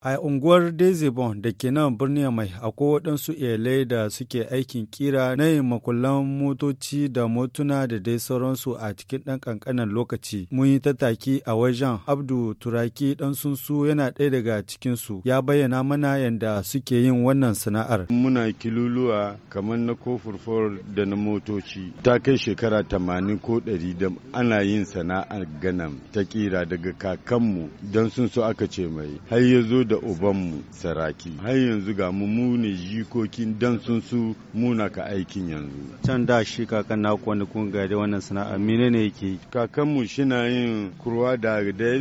A unguwar Dezibon da ke nan birnin mai akwai waɗansu iyalai da suke aikin kira na yin makullan motoci da motuna da dai sauransu a cikin ɗan ƙanƙanan lokaci. Mun yi tattaki a wajen Abdu Turaki ɗan sunsu yana ɗaya daga cikinsu ya bayyana mana yadda suke yin wannan sana'ar. Muna kiluluwa kamar na kofurfor da na motoci. Ta kai shekara tamanin ko ɗari da ana yin sana'ar ganam ta ƙira daga kakanmu don sun so aka ce mai. Har ya zo da ubanmu saraki har yanzu ga mu mu ne jikokin dan sun su muna ka aikin yanzu can da shi kakan na wanda kun ga da wannan sana'a menene yake kakanmu shina yin kurwa da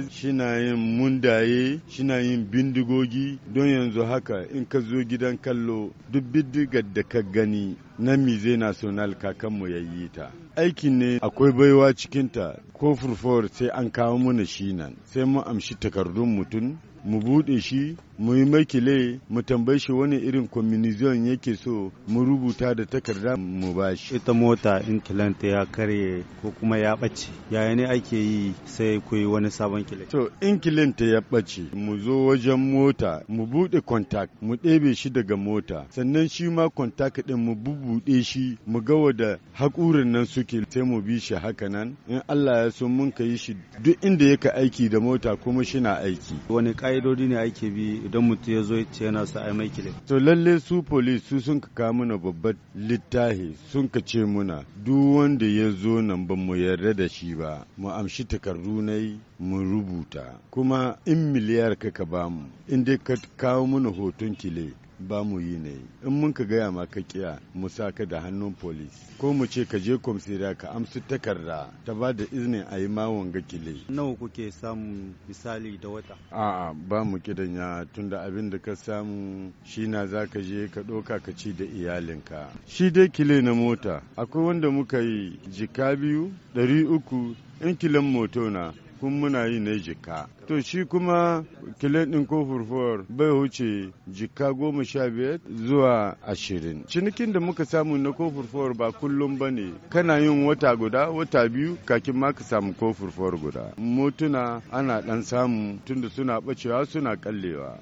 shina yin mundaye shina yin bindigogi don yanzu haka in ka zo gidan kallo duk bindigar da ka gani na mize national kakanmu ya yi ta aikin ne akwai baiwa cikinta ko furfor sai an kawo mana shi nan sai mu amshi takardun mutum mu buɗe shi mu yi makile mu tambaye shi wani irin communism yake so mu rubuta da takarda mu bashi ita mota in kilanta ya karye ko kuma ya ɓace yaya ne ake yi sai ku yi wani sabon kile to in kilanta ya ɓace mu zo wajen mota mu buɗe kontak mu ɗebe shi daga mota sannan shi ma kontak ɗin mu bubuɗe shi mu ga wada haƙurin nan suke sai mu bi shi haka nan in Allah ya so mun ka yi shi duk inda yaka aiki da mota kuma shi na aiki wani ƙa'idodi ne ake bi idan mutum ya zo yana sa ai mai kilif to lalle su police su sun ka kawo mana babbar littahi sun ka ce muna duk wanda ya zo nan ba mu yarda da shi ba mu amshi takardu yi mu rubuta kuma in miliyar ka ka bamu in dai ka kawo mana hoton kile ba mu yi ne in mun ka gaya ma ka kiya mu sa ka da hannun polis ko mu ce ka je komsira ka amsu takarda ta ba da izinin a yi mawon kile? nawa kuke samu misali da wata a'a ba mu kidanya tunda abin da ka samu shi na za ka je ka ɗauka ka ci da iyalinka shi dai kile na mota akwai wanda muka yi jika biyu ɗari uku in kilan moto na kun muna yi ne jika to shi kuma kilin ɗin ko furfuwar bai wuce jika goma sha biyar zuwa ashirin cinikin da muka samu na ko furfuwar ba kullum ba ne kana yin wata guda wata biyu kakin ma ka samu ko furfuwar guda motuna ana ɗan samu tunda suna ɓacewa suna kallewa